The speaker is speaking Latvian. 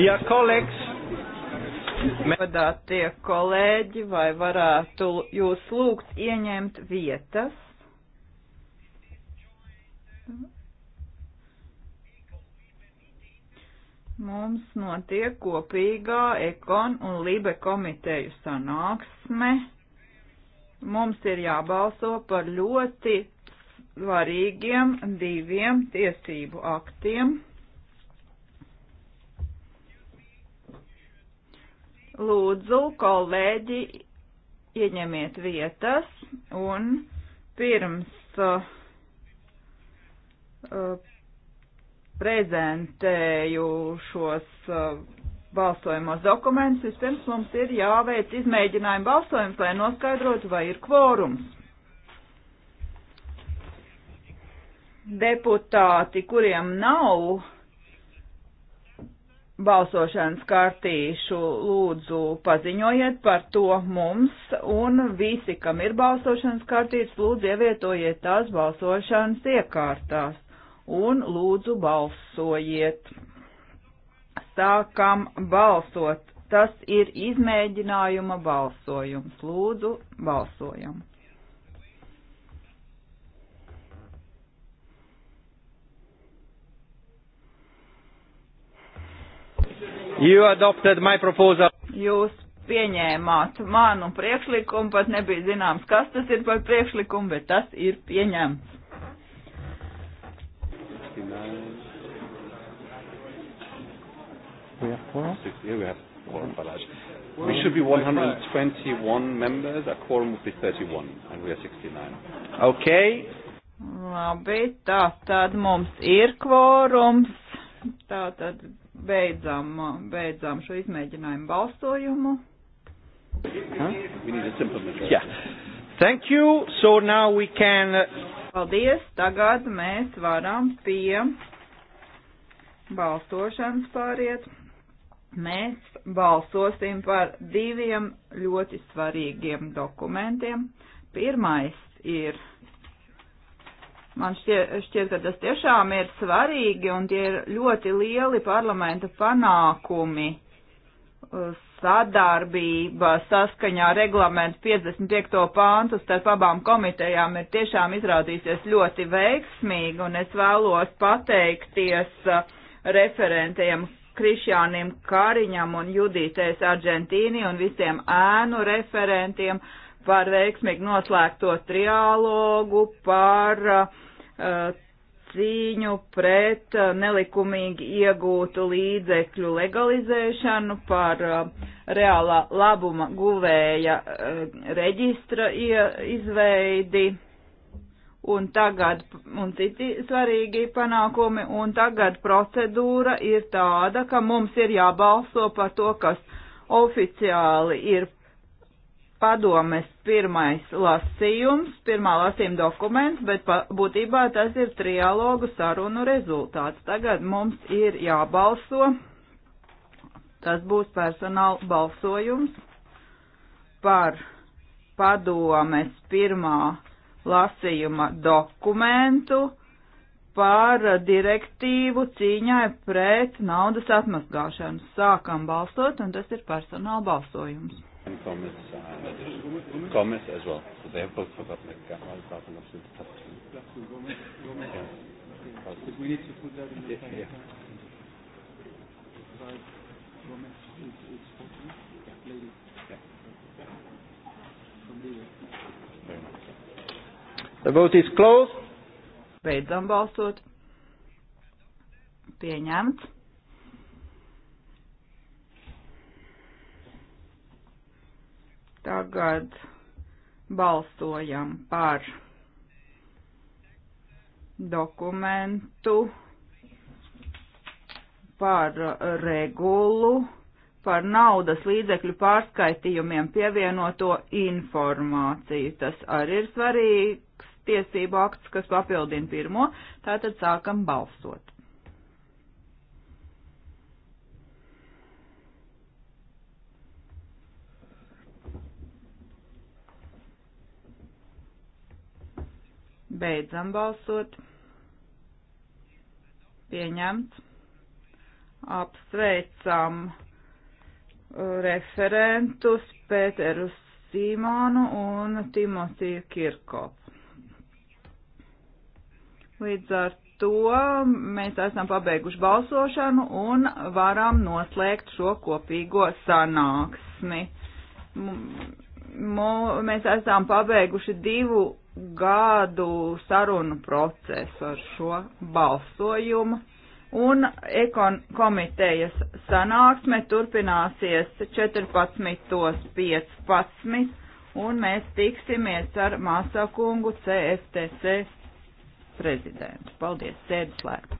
Dear colleagues, Godātie kolēģi, vai varētu jūs lūgt ieņemt vietas? Mums notiek kopīgā ekon un libe komiteju sanāksme. Mums ir jābalso par ļoti svarīgiem diviem tiesību aktiem. Lūdzu, kolēģi, ieņemiet vietas un pirms uh, uh, prezentēju šos uh, balsojumos dokumentus, vispirms mums ir jāveic izmēģinājuma balsojums, lai noskaidrotu, vai ir kvorums. Deputāti, kuriem nav balsošanas kartīšu lūdzu paziņojiet par to mums, un visi, kam ir balsošanas kartītes, lūdzu ievietojiet tās balsošanas iekārtās, un lūdzu balsojiet. Sākam balsot. Tas ir izmēģinājuma balsojums. Lūdzu, balsojam. You adopted my proposal. Jūs pieņēmāt manu priekšlikumu, pat nebija zināms, kas tas ir par priekšlikumu, bet tas ir pieņemts. We have four? Yeah, we have four Farage. We should be 121 members, a quorum would be 31, and we are 69. Okay. Labi, tā tad mums ir kvorums. Tā tad beidzam, beidzam šo izmēģinājumu balsojumu. Huh? Yeah. Thank you. So now we can. Uh, Paldies. Tagad mēs varam pie balsošanas pāriet. Mēs balsosim par diviem ļoti svarīgiem dokumentiem. Pirmais ir Man šķiet, šķiet, ka tas tiešām ir svarīgi un tie ir ļoti lieli parlamenta panākumi sadarbība saskaņā reglamentu 55. pāntu starp abām komitejām ir tiešām izrādīsies ļoti veiksmīga, un es vēlos pateikties uh, referentiem Krišjānim Kariņam un Judītēs Argentīni un visiem ēnu referentiem. Uh, par veiksmīgu noslēgto triālogu, par uh, cīņu pret uh, nelikumīgi iegūtu līdzekļu legalizēšanu, par uh, reālā labuma guvēja uh, reģistra izveidi un tagad un citi svarīgi panākumi, un tagad procedūra ir tāda, ka mums ir jābalso par to, kas oficiāli ir padomes pirmais lasījums, pirmā lasījuma dokuments, bet pa, būtībā tas ir trialogu sarunu rezultāts. Tagad mums ir jābalso. Tas būs personāla balsojums par padomes pirmā lasījuma dokumentu par direktīvu cīņai pret naudas atmazgāšanu. Sākam balsot, un tas ir personāla balsojums and Gomez, uh, Gomez as well. So they have both forgotten that Gamal is not enough to touch him. Yeah. Because we need to put that in the yeah. yeah. Right. Gomez is, is 14. Yeah. Lady. Yeah. From Libya. Very much. The vote is closed. Beidzam balsot. Pieņemts. Tagad balsojam par dokumentu, par regulu, par naudas līdzekļu pārskaitījumiem pievienoto informāciju. Tas arī ir svarīgs tiesību akts, kas papildina pirmo. Tātad sākam balsot. Beidzam balsot. Pieņemts. Apsveicam uh, referentus Pēteru Simonu un Timotiju Kirkopu. Līdz ar to mēs esam pabeiguši balsošanu un varam noslēgt šo kopīgo sanāksmi mū, mēs esam pabeiguši divu gadu sarunu procesu ar šo balsojumu, un ekon komitejas sanāksme turpināsies 14.15, un mēs tiksimies ar Māsakungu CFTC prezidentu. Paldies, sēdus lēkt!